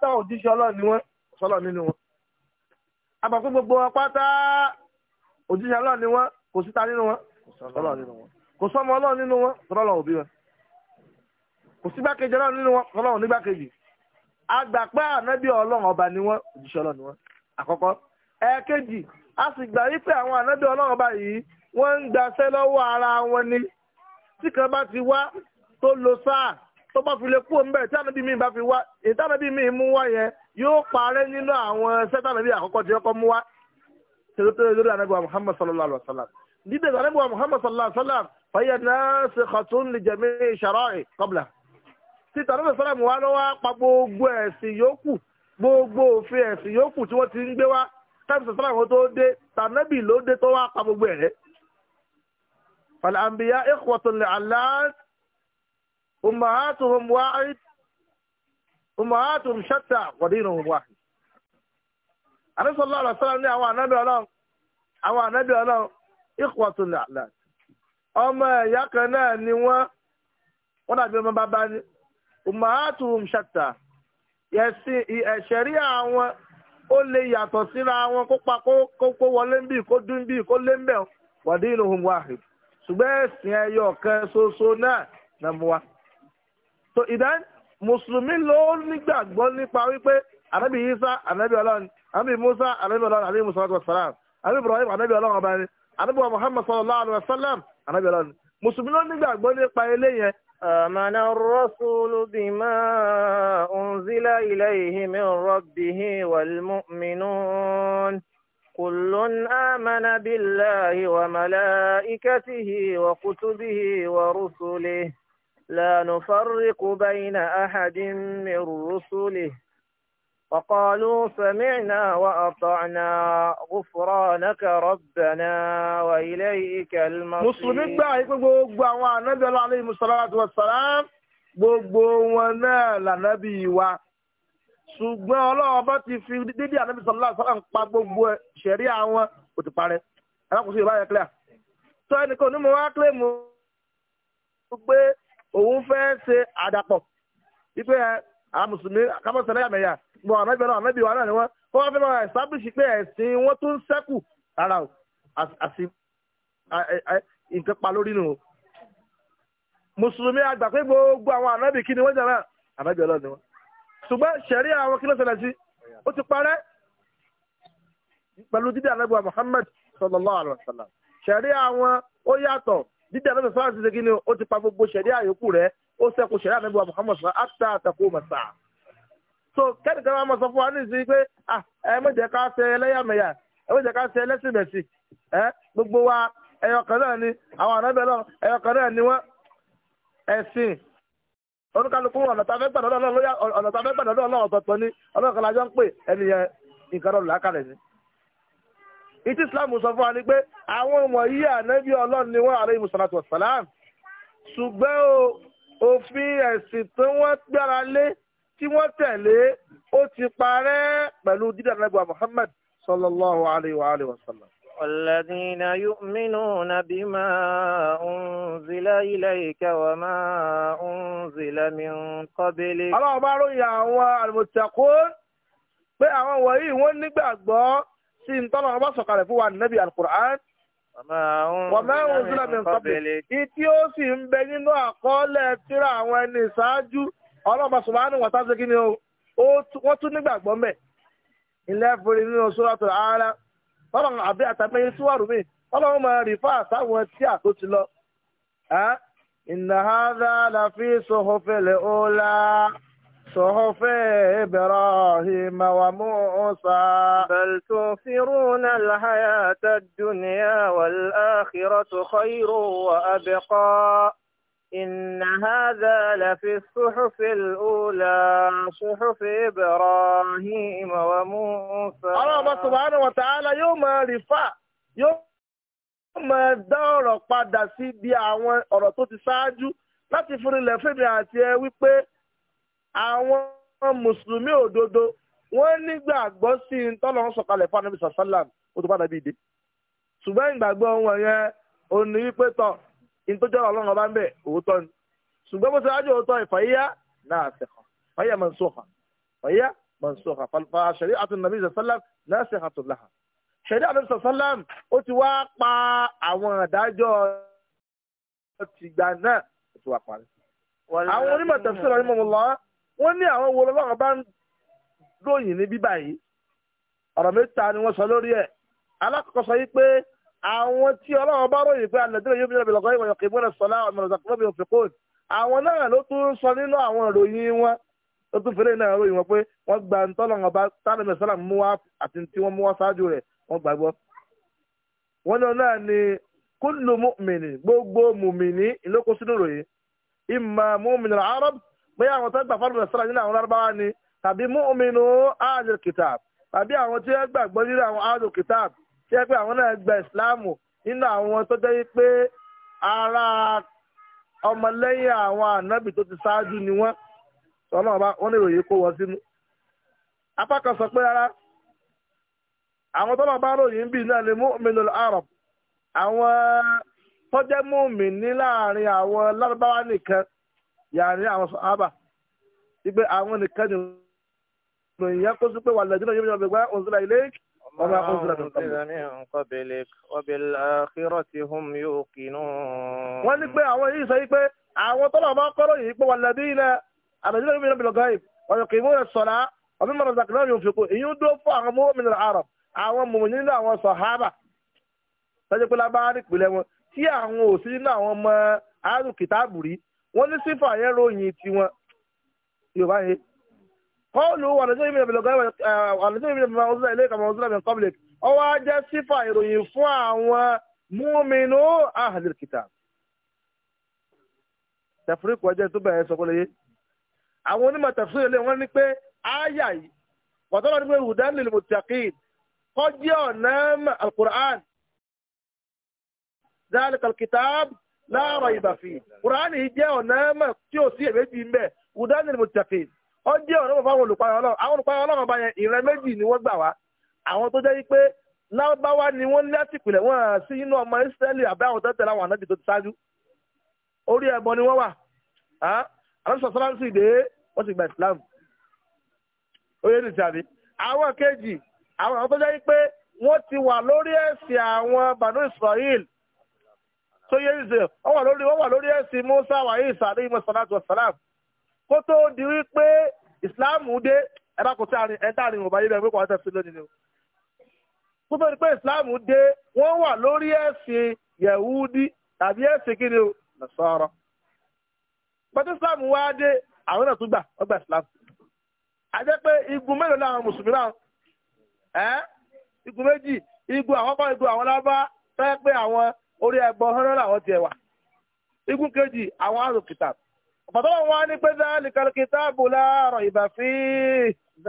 táwọn òjíṣẹ́ ọlọ́run ni wọ́n sọ́lọ̀ nínú wọn. àbàkún gbogbo wọn òjíṣẹ́ ọlọ́run ni wọ́n kò síta nínú wọn sọ́lọ̀ nínú wọn kò sọ́mọ ọlọ́run nínú wọn sọ́lọ̀ òbí wọn kò sí gbákejì ọlọ́run nínú wọn sọ́lọ̀ ọba ni wọ́n òjíṣẹ́ ọlọ́run ni wọ́n àkọ́kọ́ a sì ọba yìí wọ́n ń ara wọn ni tí kan bá ti wá tó bá fi lè kú ọmọbẹ tí ànábì mi bá fi wá ètò ànábì mi mú wá yẹn yóò parẹ́ nínú àwọn sẹ́tà ànábì àkọ́kọ́ tí ọkọ mú wá tẹ̀lé lórí ànábì Muhammad sallallahu alaihi wa sallam dídè ànábì Muhammad sallallahu alaihi wa sallam fàyẹ̀ náà ṣe kàtún lè jẹ̀mí ìṣàrọ̀ kọ́bla tí tànábì sallam wá lọ́wọ́ pa gbogbo ẹ̀sìn yòókù gbogbo òfin ẹ̀sìn yòókù tí wọ́n ti ń gbé wá tàbí sallam tó dé tànábì ló dé tó wá pa gbogbo ẹ̀rẹ́. فالأنبياء إخوة لعلان أمهاتهم واحد أمهاتهم شتى ودينهم واحد àní sọ́lá àlọ́sọ́lá ní àwọn ànábì ọlọ́run àwọn ànábì ọlọ́run ìkọ̀tún làlá ọmọ ẹ̀yà kan náà ni ni umahatum ó lè yàtọ̀ síra wọn kó pa kó wọlé ń bì kó dún bì kó lé ń bẹ̀ so ìdán mùsùlùmí ló nígbàgbọ́ nípa wípé ànábì isa ànábì ọlọ́run ànábì musa ànábì ọlọ́run ànábì musa ànábì salam ànábì ibrahim ànábì ọlọ́run ọba ni ànábì muhammad sallallahu alayhi wa sallam ànábì ọlọ́run mùsùlùmí ló nígbàgbọ́ nípa eléyẹn آمن الرسول بما أنزل إليه من ربه والمؤمنون كل آمن بالله وملائكته وكتبه ورسله لا نفرق بين أحد من رسله وقالوا سمعنا وأطعنا غفرانك ربنا وإليك المصير مسلمين بقى gbogbo àwọn ànábì ọlọ́run alẹ́ musalatu gbogbo wọn náà lànábì wa ṣùgbọ́n ọlọ́run bá ti fi dídí ànábì sallallahu alaihi wasallam pa gbogbo ṣẹ̀rí àwọn kò alákòóso yorùbá yẹn clear tó ẹnì kan ní mo wá claim òun fẹ́ ṣe àdàpọ̀ wípé àwọn mùsùlùmí kábọ̀sẹ̀ lẹ́yà mẹ́yà gbọ́n ànábì náà ànábì wa náà ni wọ́n kó wọ́n fẹ́ máa establish pé ẹ̀sìn wọn tún sẹ́kù rárá o àti nǹkan pa lórí nù o mùsùlùmí àgbà pé gbogbo àwọn ànábì kí ni wọ́n jẹ́ náà ànábì ọlọ́ọ̀ni wọn ṣùgbọ́n ṣẹ̀rí àwọn kí ló ṣẹlẹ̀ sí ó ti parẹ́ pẹ̀lú dídí ànábì wa Muhammad sallallahu alaihi wasallam ṣẹ̀rí àwọn ó yàtọ̀ dídá lọ́sẹ̀ sọ́ra ti ṣe ni o ti pa gbogbo ṣẹ̀dí àyòkù rẹ̀ ó sẹ́kù ṣẹ̀dí ànábì wa Muhammad sọ áta àtàkù màsà. so kẹ́nìkan máa sọ fún wa ní ìsìn pé ẹ méjì ká ṣe ẹlẹ́yàmẹ̀yà ẹ méjì ká ṣe ẹlẹ́sìnmẹ̀sì ẹ gbogbo wa ẹyọ ni àwọn náà ni wọ́n ẹ̀sìn ọ̀nà a ìtí islam sọ fún wa ni pé àwọn wọ̀nyí ànábì ọlọ́run ni wọ́n àrẹ ìmùsọ̀látù ọ̀sálàm ṣùgbọ́n òfin ẹ̀sìn tí wọ́n gbára lé tí wọ́n tẹ̀lé ó ti parẹ́ pẹ̀lú dídá ànábì wa muhammad sallallahu alayhi wa alayhi wa sallam. والذين يؤمنون بما أنزل إليك وما أنزل من قبلك. الله أكبر يا المتقون pé àwọn wọ̀nyí wọ́n si ń tọ́lọ́ ọba sọ̀kalẹ̀ fún wa nẹ́bí alukur'an wọ́n máa ń sílẹ̀ mi ìtí ó sì ń bẹ nínú àkọọ́lẹ̀ tíra àwọn ẹni ìṣáájú ọlọ́ọ̀bà sùmánù wọ́n tá ni o nínú ara àbí صحف إبراهيم وموسى بل تؤثرون الحياة الدنيا والآخرة خير وأبقى إن هذا لفي الصحف الأولى صحف إبراهيم وموسى الله سبحانه وتعالى يوم رفاع يوم ما دار padà sí bí àwọn ọ̀rọ̀ tó ti ṣáájú láti àwọn mùsùlùmí òdodo wọ́n nígbàgbọ́ sí i tọ́lọ́ sọ̀kalẹ̀ fún anabi sàlám ó tó bá nàbí ìdè ṣùgbọ́n ìgbàgbọ́ wọn yẹn ò ní wípé tọ̀ ìtọ́jọ́ ọlọ́run ọba ń bẹ̀ òótọ́ ni ṣùgbọ́n bó ṣe ájò òótọ́ ìfàyíyá náà sẹ̀kọ̀ fàyíyá máa ń sọ̀kà fàyíyá máa ń sọ̀kà fà ṣẹ̀rí àti nàbí sàlám náà sẹ̀kà tó láhà ṣẹ̀rí àti sàlám ó ti wá pa àwọn àdájọ́ tìgbà náà ó ti wá parí. àwọn onímọ̀ tẹ̀síwájú wọ́n ní àwọn wo lọ́wọ́ bá ń lóyìn ní bíbá yìí ọ̀rọ̀ mẹ́ta ni wọ́n sọ lórí ẹ̀ alákọ̀ọ́kọ́ sọ yìí pé àwọn tí ọlọ́wọ́ bá ròyìn pé alẹ́dẹ́rẹ́ yóò bílẹ̀ bìlọ́kọ́ ìwọ̀n yọ̀kì ìbúrẹ̀ sọ́lá ọ̀nà ìzàkúrọ̀bì òfin kóòdù àwọn náà ló tún sọ nínú àwọn ìròyìn wọn ló tún fèrè náà ròyìn wọn pé wọ́n gba ntọ́lọ́wọ́n bá ni kúlù mùmìnì gbogbo mùmìnì ìlókòsínú ròyìn arab bóyá àwọn tó gbà fọ́dún nínú àwọn lárúbáwá ni tàbí mu'minu ahlul kitab tàbí àwọn tí wọ́n gbàgbọ́ nínú àwọn ahlul kitab tí wọ́n pé àwọn náà gba ìsìláàmù nínú àwọn tó jẹ́ pé ara ọmọlẹ́yìn àwọn ànábì tó ti ṣáájú ni wọ́n sọ́nà ọba wọ́n ní wọ́n sínú. apá kan sọ pé rárá àwọn tó máa bá ròyìn àwọn tó jẹ́ ní yàrá àwọn sọ̀hábà wípé àwọn nìkan ni ìròyìn yẹn kó sí pé wà lẹ́jọ́ yóò yọ̀bẹ̀ gbá òǹzílà ilé ọmọ òǹzílà wọ́n ní pé àwọn yìí sọ pé àwọn tọ́lọ̀ máa ń yìí pé wà lẹ́bí ilẹ̀ àbẹ̀jọ́ yóò yọ̀bẹ̀ lọ́gọ́ yìí ọ̀yọ̀ kì í mú rẹ̀ sọ̀rọ̀ ọ̀bí mọ̀rọ̀ zàkìlá yóò fi kú wọ́n ní sífà yẹn ròyìn tiwọn yorùbá yẹn kọ́ọ̀lù wà lọ́jọ́ ìmìnira bẹ̀rẹ̀ gọ́ọ̀lù wà lọ́jọ́ ìmìnira bẹ̀rẹ̀ ọ̀sùn ilé ìkàmọ̀ ọ̀sùn ìlànà public ọwọ́ ajẹ́ sífà ìròyìn fún àwọn múmínú ahlil kitab tẹ̀fúríkù ọjọ́ tó bẹ̀rẹ̀ sọ kọ́lẹ̀ yé àwọn onímọ̀ tẹ̀fúríkù ilé wọn ní pé áyà yìí wàtọ́lọ́ ní pé hudan lil muttaqin kọjí ọ̀nà alukur'an dhalika alkitab láàrọ̀ ìbàfì kùránì jẹ́ ọ̀nà ẹ̀mọ̀ tí ò sí èméjì ń bẹ̀ ùdánì mùtàfì ó jẹ́ ọ̀nà fún àwọn olùpayọ̀ ọlọ́run àwọn olùpayọ̀ ọlọ́run ọba yẹn ìran méjì ni wọ́n gbà wá àwọn tó jẹ́ pé lábáwá ni wọ́n lẹ́sìpìlẹ̀ wọ́n sí inú ọmọ ìsírẹ́lì àbẹ́ àwọn tẹ́tẹ̀ láwọn ànábì tó ti ṣáájú orí ẹ̀bọ ni wọ́n wà àlọ́sọ sọ́láńsì dé wọ́n ti gba Islam oyè ní ìsàbí àwọn kejì àwọn tó jẹ́ pé wọ́n ti wà lórí ẹ̀sìn àwọn Banu Israel tó yé ìzè wọ́n wà lórí wọ́n wà lórí ẹ̀sìn Musa wàyí ìsàlẹ̀ ìmọ̀ sọ̀láàtù ọ̀sálàm kó tó di wípé ìsìláàmù dé ẹ̀dá kò táàrin ẹ̀dá àrin òbá yìí bẹ́ẹ̀ pé kò wá lónìí ni o. kó tó di pé Islam dé wọ́n wà lórí ẹ̀sìn Yẹ̀húdí tàbí ẹ̀sìn kí ni o Nasara. pẹ̀tẹ́ Islam wá dé àwọn náà tún gbà wọ́n gbà ìsìláàmù. àjẹ́ pé igun mélòó làwọn mùsùlùmí náà ẹ́ igun méjì igun àwọn kọ́ igun àwọn lábá fẹ́ pé àwọn orí ẹgbọ́ hánà làwọn tiẹ̀ wà igun kejì àwọn àrùn kìtà bàbá wọn wá ní pé zalikal kitabu la raiba fi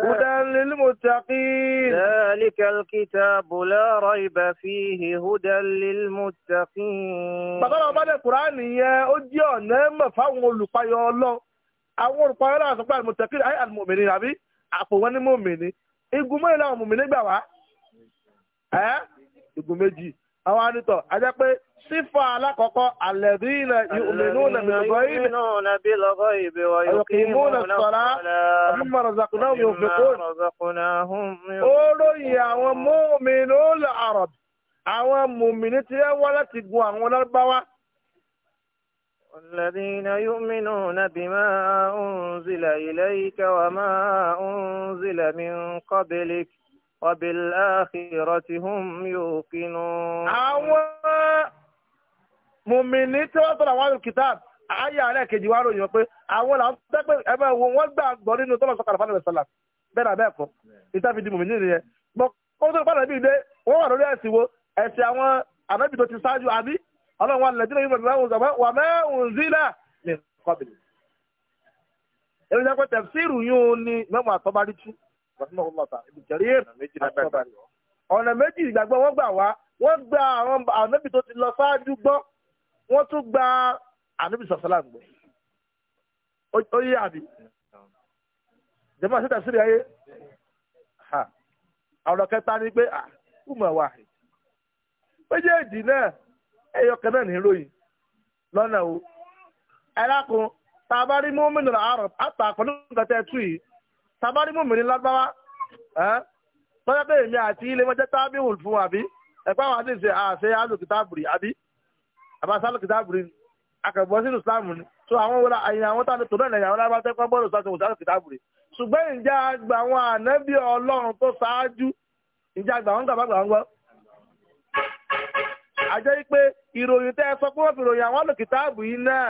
hudan lil muttaqin. zalikal kitabu la raiba fihi hudan lil muttaqin. bàbá wọn bá dé kúránì yẹn ó jẹ́ ọ̀nà ẹ̀mọ̀ fáwọn olùpayọ̀ ọlọ́ àwọn olùpayọ̀ ọlọ́ àtúpà al-muttaqin ayé al-mu'minin àbí àpò wọn ní mòmìnì igun mọ́ ìlànà mòmìnì gbà wá. ẹ igun méjì àwọn anitọ ajá pé sífà alákọ̀ọ́kọ́ alladhina yu'minuna bil-ghayb wa yuqimuna as-salata wa mimma razaqnahum yunfiqun. ó lóye àwọn mu'minul arab àwọn mùmìnì tí wá láti gun àwọn lárúbáwá. الذين يؤمنون بما أنزل إليك وما أنزل من قبلك وبالآخرة هم يوقنون mùmìnì tí wọ́n tọ́lá wọn kitab ayé àárẹ̀ kejì wa ròyìn pé àwọn làwọn tẹ́ pé ẹgbẹ́ wo wọ́n gbà gbọ́ nínú tọ́lá sọ kàlàfà lọ́wọ́ sọ́là bẹ́ẹ̀ náà bẹ́ẹ̀ kọ́ ìtàfi di mùmìnì nìyẹn gbọ́ ó tó pàdé bíi dé wọ́n wà lórí ẹ̀sìn wo ẹ̀sìn àwọn ànábì tó ti ṣáájú àbí ọlọ́run wa lẹ́dínlẹ́ yìí lọ́wọ́ ọ̀sán wà mẹ́hùn zílà ní kọ́bìnrin. èmi jẹ́ pé tẹ̀síìrù yóò ní mẹ́mọ̀ àtọ́bárí tú wọ́n gbà àwọn ànábì tó ti lọ ṣáájú gbọ́ wọ́n tún gba ànábì sàfàlà gbọ́ ó yé àbí jẹ́mọ́ àti tẹ̀sírí ayé àwọn kẹta ni pé ọmọ wa méjèèjì náà ẹ̀yọ kan náà ní ìròyìn lọ́nà o ẹ̀rákun tàbárí mọ́mìnì àárọ̀ àtàkùn ní nǹkan tẹ́ tù yìí tàbárí mọ́mìnì lágbára tọ́jà bẹ́ẹ̀ mi àti ilé mọ́jẹ́ tábìlì fún àbí ẹ̀pá àwọn àti ìṣe àṣẹ àlòkìtàbùrì àbí àbáṣálù kìtàbù rí akẹ́ bọ́ sínú ìsìláàmù ni so àwọn wọlé àyìn àwọn táwọn tó náà àwọn alábá tẹ́ pọ́nbọ́ọ̀lù sọ́tò òṣàlù kìtàbù rí ṣùgbọ́n ìjà àgbà àwọn ànábì ọlọ́run tó ṣáájú ìjà àgbà àwọn gbàgbà wọn gbọ́. àjẹ́ yìí pé ìròyìn tẹ́ ẹ sọ pé wọ́n fi ròyìn àwọn àlòkìtàbù yìí náà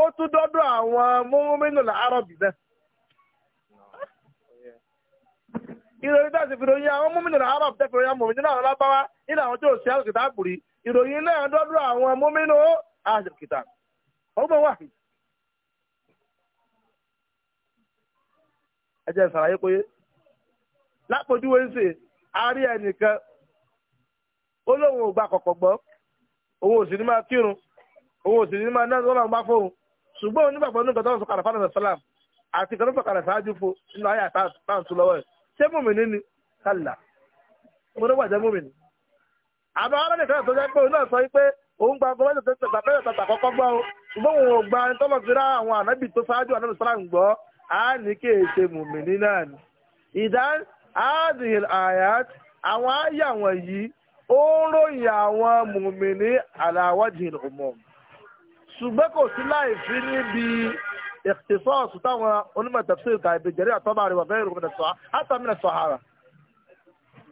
ó tún dọ́dọ̀ àwọn mọ́mọ́mẹ́nù làárọ̀bì náà. ìròyìn tẹ́ ẹ sì fi ròyìn àwọn mọ́mọ́mẹ́nù làárọ̀bì tẹ́ ròyìn àwọn mọ̀mọ́mẹ́nù ìròyìn náà dọ́dọ̀ àwọn mọ́mínú àṣekìtà ọgbọ̀n wà. ẹ jẹ́ ìsàlàyé pé lápòjúwe ń sè á rí ẹnìkan ó lóun ò gba kọ̀kọ̀ gbọ́ òun ò sì ní máa kírun òun ò sì ní máa náà lọ́nà gbá fóun ṣùgbọ́n onígbàgbọ́ nígbà tó ń sọ kàlàfà náà sọ́làm àti ìkànnì sọ̀kàlà ṣáájú fún nínú ayé àtàǹtù lọ́wọ́ ẹ̀ ṣé mòmìnir ni kálà mo ní wàjẹ́ mòmìnir àbá ọlọ́nìkan tó jẹ́ pé òun náà sọ pé òun gba gbọ́ mẹ́tẹ̀ẹ̀tẹ̀ tẹ̀sà mẹ́tẹ̀ẹ̀tẹ̀ tàkọ́ kọ́ gbọ́ o ṣùgbọ́n òun ò gba ẹni tọ́lọ̀ fi rá àwọn ànábì tó ṣáájú ànábì sọ́lá ń gbọ́ á ní kí èsè mùmìnì náà ni. ìdá adìyẹl ayat àwọn àyà wọ̀nyí ó ń ròyìn àwọn mùmìnì aláwọ̀dìyẹl ọmọ ṣùgbọ́n kò sí láì fi níbi ìtìsọ́ọ̀sì táwọn onímọ̀ tẹ̀síìkà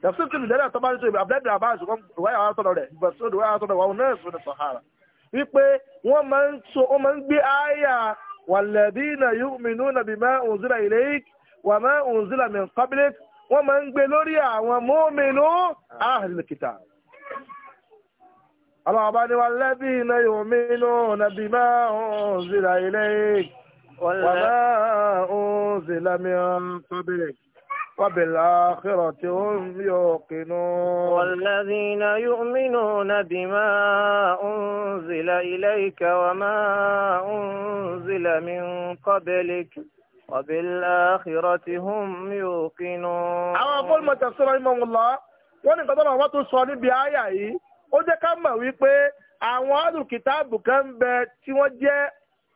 tafsir tìlù lẹ́rẹ̀ àtọ́ bá ní tóbi abdulayi abba ṣùgbọ́n ìwáyà wa sọ̀rọ̀ rẹ̀ ìbọ̀sọ̀rọ̀ ìwáyà sọ̀rọ̀ wa náà sọ̀rọ̀ sàhárà wípé wọ́n máa ń so wọ́n máa ń gbé àyà walladhina yu'minuna bima unzila ilayk wa ma unzila min qablik wọ́n máa ń gbé lórí àwọn mu'minu ahlil kitab. ọlọ́ọ̀bá ni walladhina yu'minuna bima unzila ilayk wa ma unzila min qablik. وبالآخرة هم يوقنون والذين يؤمنون بما أنزل إليك وما أنزل من قبلك وبالآخرة هم يوقنون àwọn fọ́lùmọ̀ tẹ̀síra ìmọ̀wòlá wọ́n ní ìgbàdàn àwọn tó sọ níbi àyà yìí ó jẹ́ ká mọ̀ wípé àwọn alùkìtàbù kan ń bẹ tí wọ́n jẹ́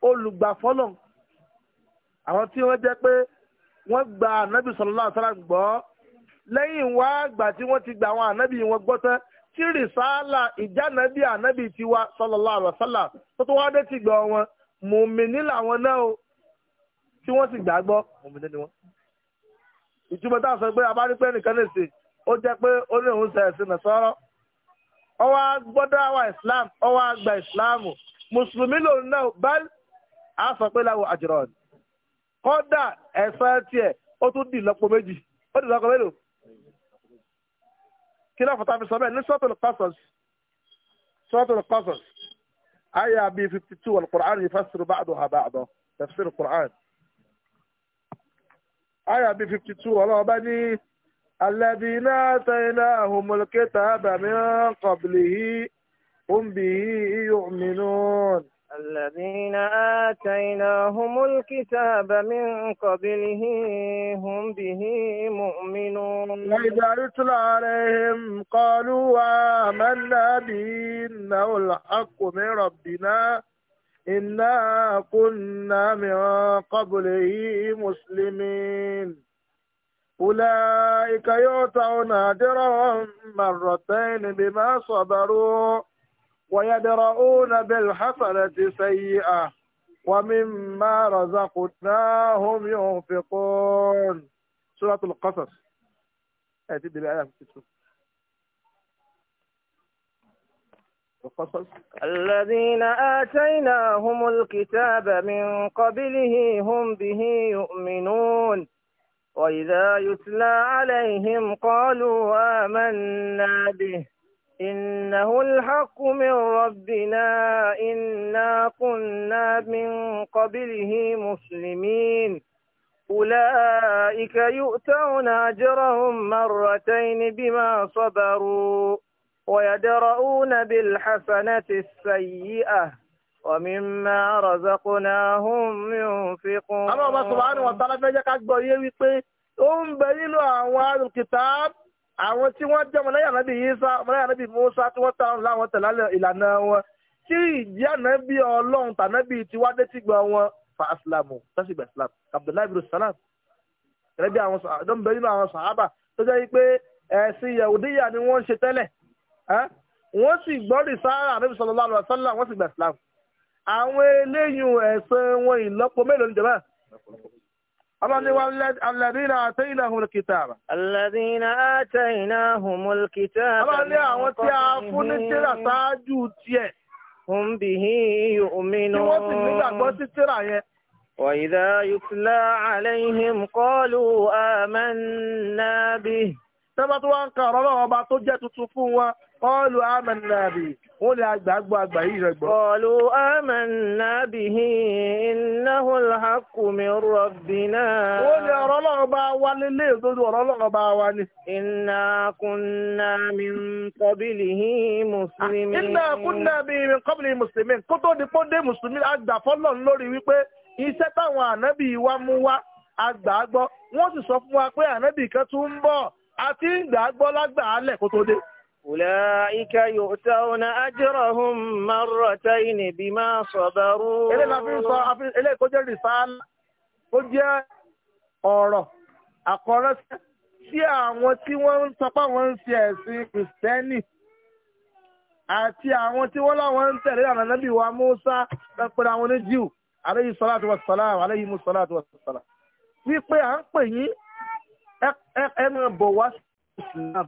olùgbàfọ́lọ̀ àwọn tí wọ́n jẹ́ pé wọ́n gba ànábì sallallahu alaihi wasallam gbọ́ lẹ́yìn wá àgbà tí wọ́n ti gba àwọn ànábì wọn gbọ́ tán tí rìsáàlà ìjánabi ànábì tiwa sallallahu alaihi wasallam tó tó wá dé ti gbọ́ wọn mùmíní làwọn náà o tí wọ́n sì gbàgbọ́ mùmíní ni wọ́n. ìtumọ̀ táwọn sọ pé abárípẹ́ nìkan lè sè ó jẹ́ pé ó ní òun sẹ̀sìn nà sọ́rọ́ ó gbọ́dọ̀ àwa islam ó wá gba islam mùsùlùmí lòun náà bẹ́ẹ̀ kọ́dà ẹ̀sán tiẹ̀ ó tún dì lọ́pọ̀ méjì ó dì lọ́pọ̀ mélòó kí láfọ̀tà fi sọ bẹ́ẹ̀ ní sọ́tòlù pásọ̀s sọ́tòlù pásọ̀s ayé àbí fifty two wal Qur'an yufasiru ba'duha ba'da tafsir Qur'an ayé àbí fifty two ọlọ́wọ́ bá ní. الذين آتيناهم الكتاب من قبله هم به يؤمنون الذين آتيناهم الكتاب من قبله هم به مؤمنون وإذا يتلى عليهم قالوا آمنا به إنه الحق من ربنا إنا كنا من قبله مسلمين أولئك يعطون أجرهم مرتين بما صبروا ويدرؤون بالحسنة سيئة ومما رزقناهم ينفقون سورة القصص هتدي الآية القصص الذين آتيناهم الكتاب من قبله هم به يؤمنون وإذا يتلى عليهم قالوا آمنا به إنه الحق من ربنا إنا كنا من قبله مسلمين أولئك يؤتون أجرهم مرتين بما صبروا ويدرؤون بالحسنة السيئة ومما رزقناهم ينفقون الله سبحانه وتعالى فجأة أكبر يوي ó ń bẹ nínú àwọn tí wọ́n jẹ́ ọmọlẹ́yìn ànábì Ìsá ọmọlẹ́yìn ànábì Mùsá tí wọ́n tààrùn láwọn tẹ̀lá ìlànà wọn tí ìjẹ́ ànábì ọlọ́run tànábì tí wá dé tìgbà wọn fa asilamu tẹ́sígbà islam abdullahi bin salam gẹ́gẹ́ bí àwọn ọdún bẹ́ẹ̀ nínú àwọn sàhábà tó jẹ́ pé ẹ̀sìn yahudiya ni wọ́n ń ṣe tẹ́lẹ̀ wọ́n sì gbọ́ rìsára ànábì sallallahu alaihi wasallam الذين آتيناهم الكتاب الذين آتيناهم الكتاب هم به يؤمنون وإذا يتلى عليهم قالوا آمنا به tẹ́bá tó wá ń kan ọ̀rọ̀ ọba tó jẹ́ tuntun fún wọn kọlu amẹ́nàbì wọ́n lè àgbàgbọ́ àgbà yìí rẹ̀ gbọ́. kọlu amẹ́nàbì innahu alhaqqu min rabbina. wọ́n lè ọ̀rọ̀ ọlọ́run bá wa lélẹ̀ òdodo ọ̀rọ̀ ọlọ́run bá wa ni. inna kunna min qablihi muslimin. inna kunna min qablihi muslimin kó tó di pọ́ndé mùsùlùmí àgbàfọ́lọ́ lórí wípé iṣẹ́ táwọn ànábì wa mú wa àgbàgbọ́ wọ́n sì sọ fún wa pé ànábì kan tún ń bọ̀ àti ìgbà gbọ́lágbà alẹ̀ kó tó dé. Ulaika yu'tawna ajrahum marratayn bima sabaru. Ilé la fi ń sọ, ilé kó jẹ́ rìsáàlá, ó jẹ́ ọ̀rọ̀ àkọrẹ́sẹ̀ sí àwọn tí wọ́n ń sọ pé wọ́n ń fi ẹ̀sìn Kìrìsìtẹ́nì àti àwọn tí wọ́n láwọn ń tẹ̀lé ànábì wa Mùsá pẹ̀lú àwọn oníjìw, alayhi salatu wassalam, alayhi salatu wassalam. Wípé à ń pè yín ẹ máa bọ̀ wá islam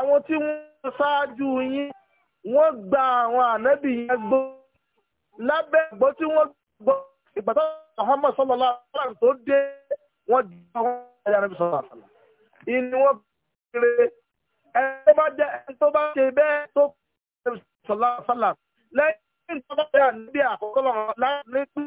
àwọn tí wọ́n ṣáájú yín wọ́n gba àwọn ànábì yẹn gbọ́ lábẹ́ ìgbọ́ tí wọ́n gbọ́ ìbátan Muhammad sallallahu alaihi tó dé wọ́n di àwọn ẹ̀yà ànábì sallallahu alaihi ìní wọ́n kéré ẹni tó bá jẹ ẹni tó bá ṣe bẹ́ẹ̀ tó kéré sallallahu alaihi wasallam lẹ́yìn tó bá jẹ ànábì àkọ́kọ́ láti ní pín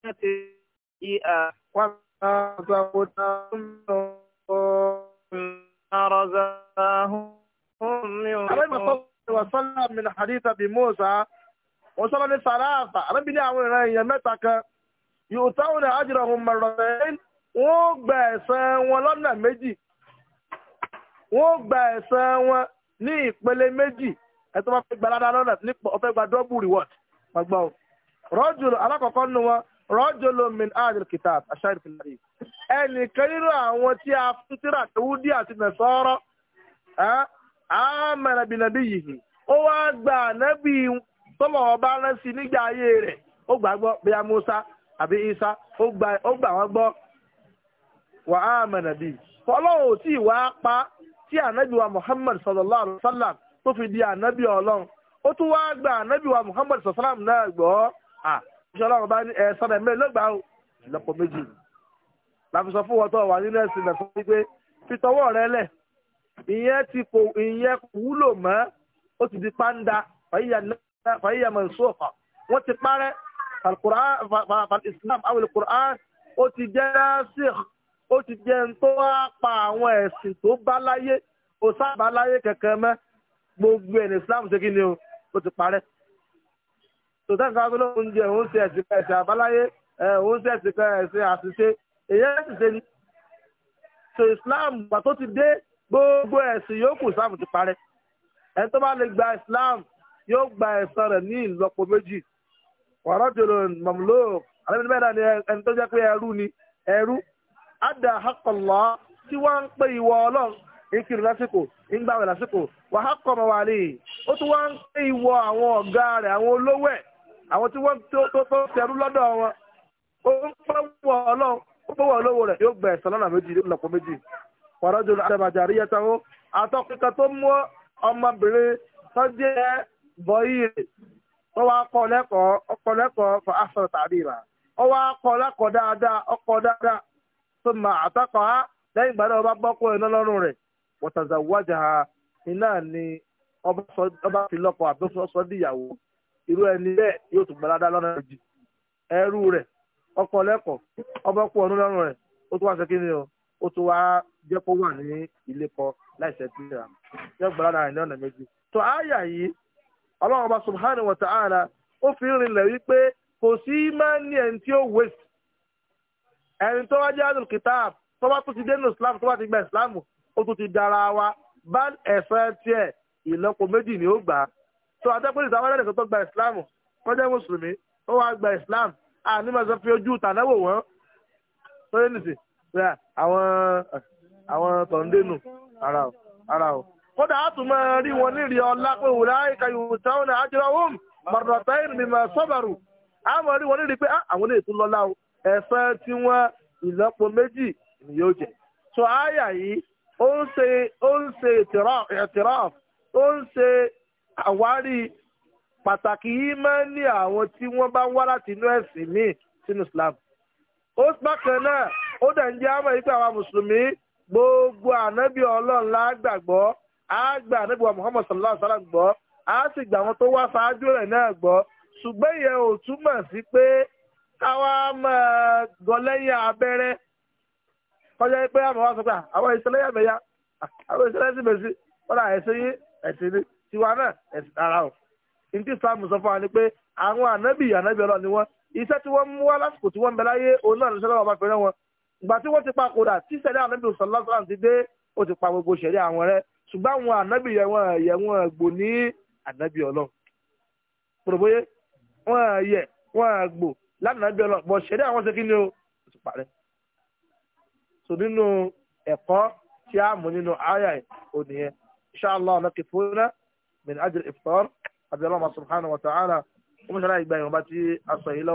سيئة وما تفتهم رزاهم يوم وسلم من حديث أبي موسى وصلى لثلاثة ربنا عونا يمتك يؤتون أجرهم مرتين wọ́n gba ẹ̀san wọn lọ́nà méjì wọ́n gba ẹ̀san wọn ní ìpele méjì ẹ̀tọ́ wọn fẹ́ gba ládàá lọ́nà ọ̀fẹ́ gba double reward gbàgbọ́ rọ́jùlọ alákọ̀ọ́kọ́ nu wọn rọ́jòló min adil kitab ashair filari ẹnìkan nínú àwọn tí a fún tíra tẹ̀wúdí àti nẹ̀sọ́rọ́ àmàlà bìnàbí yìí ó wá gba ànábì tọ́lọ̀ ọba nígbà ayé ó bí Musa àbí Isa ó gbà wọ́n gbọ́ wà àmàlà bíi fọlọ́hùn tí ì a pa tí wa Muhammad sallallahu alayhi wa sallam tó fi di ọlọ́run ó tún wá wa Muhammad sallallahu alayhi wa sallam náà ìṣọ́lá ọba ní ẹ̀sán ẹ̀mẹ́ lọ́gbà ó lọ́pọ̀ méjì láfi sọ fún wọn tó wà nínú ẹ̀sìn rẹ̀ fún wípé fi tọwọ́ rẹ lẹ̀ ìyẹn ti kò ìyẹn wúlò mọ́ ó ti di pàǹdà fàyíyà mọ̀nsófà wọ́n ti parẹ́ islam awil quran ó ti jẹ́ sikh ó ti jẹ́ ń tó wá pa àwọn ẹ̀sìn tó bá láyé kò sábà láyé kẹ̀kẹ́ mọ́ gbogbo ẹ̀ ní islam ṣe kí ni ó ti parẹ́. sọ̀tàn kan ló ń jẹ òun ṣe ẹ̀sìn kan ẹ̀sìn àbáláyé òun ṣe ẹ̀sìn kan ẹ̀sìn àṣìṣe èyí ẹ̀sìn ṣe ni. so Islam gbà tó ti dé gbogbo ẹ̀sìn yòókù Islam ti parẹ́ ẹni tó bá lè gba Islam yóò gba ẹ̀san rẹ̀ ní ìlọ́po méjì wàrọ́jòló mọ̀mọ́lò àlẹ́bíbẹ́dà ni ẹni tó jẹ́ pé ẹrú ni ẹrú ada tí wọ́n ń pè ìwọ ọlọ́run ìkiri lásìkò lásìkò ó tún ń pè ìwọ àwọn àwọn olówó àwọn tí wọ́n tó tó ṣẹrú lọ́dọ̀ wọn ó ń pọ́wọ́ ọlọ́run ó pọ́wọ́ olówó rẹ̀ yóò gbẹ̀ ẹ̀sán lọ́nà méjì lọ́pọ̀ méjì wàrọ́jò àtẹ̀bàjà àríyá táwọn àtọkùnkà tó mú ọmọbìnrin tó jẹ́ bọ́yì tó wá kọ́ lẹ́kọ̀ọ́ ọkọ̀ lẹ́kọ̀ọ́ fún tàbí ó wá kọ́ lẹ́kọ̀ọ́ dáadáa dáadáa tó mà á lẹ́yìn ìgbà náà ọba irú ẹni bẹ́ẹ̀ yóò tún gbalada lọ́nà méjì ẹrú rẹ̀ ọkọ lẹ́kọ̀ọ́ ọmọ kú ọdún lọ́rùn rẹ̀ ó tún wá ṣe kíni o ó tún wá jẹ́ kó wà ní ilé ra yóò gbalada rẹ̀ méjì. tó àyà yìí ọlọ́run ọba subhanahu wa ta'ala ó fi rinlẹ̀ wípé kò sí máa ń ní ẹni tí ó ti dé wa bá tiẹ̀ ìlọ́po méjì so adẹ́pẹ́ ìsàwọn ẹ̀rẹ́dẹ̀kan tó gba islam wọ́n mùsùlùmí ó wá gba islam a máa sọ fi ojú tànáwò wọ́n tó yé nìsí pé àwọn àwọn ara ara o kódà tún máa rí wọn nírì ọlá pé wùlá ìka yòówù táwọn náà ájọ hóm mọ̀rọ̀tàyìn mi máa sọ́bàrù a máa rí wọn nírì pé ah, àwọn lè tún lọ́lá o ẹ̀fẹ́ tí wọ́n ìlọ́po méjì ni yóò jẹ so àyà yìí àwárí pàtàkì ìmánì àwọn tí wọ́n bá wá láti inú ẹ̀sìn míì sínú Islam. ó bákan náà ó dẹ̀ ń jẹ́ àmọ̀ yìí pé àwa mùsùlùmí gbogbo ànábì ọlọ́run la gbàgbọ́ á gba ànábì wa Muhammad sallallahu alaihi wa sallam gbọ́ á sì gbà wọn tó wá ṣáájú rẹ̀ náà gbọ́ ṣùgbọ́n ìyẹn ò túmọ̀ sí pé káwa máa gọlẹ́yìn abẹ́rẹ́ kọjá pé àmọ́ wa sọ pé ah, àwọn ìṣẹ̀lẹ̀ yàgbẹ́yà àwọn ìṣẹ̀lẹ̀ sì sí wọn là ẹ̀sìn yín ẹ̀sìn ni tiwa náà ẹ̀sìn ara o ntí islam sọ fún wa ni pé àwọn ànábì ànábì ọlọ́run ni wọ́n iṣẹ́ tí wọ́n mú wá lásìkò tí wọ́n ń bẹ láyé òun náà lọ́sẹ̀ lọ́wọ́ bá fẹ́rẹ́ wọn ìgbà tí wọ́n ti pa kódà tí sẹ́dá ànábì sọ̀lọ́sọ̀lá ti dé ó ti pa gbogbo ṣẹ̀rí àwọn rẹ̀ ṣùgbọ́n àwọn ànábì yẹn wọ́n yẹ wọ́n gbò ní ànábì ọlọ́run ẹ̀kọ́ tí a mú nínú àyà ò nìyẹn inshallah ọ̀nà kìfúnná min ajr iftar àbí ọlọ́mọ subhanahu wa ta'ala ó mọ̀ṣálá ìgbà ìwọ̀nba tí a sọ yìí lọ́wọ́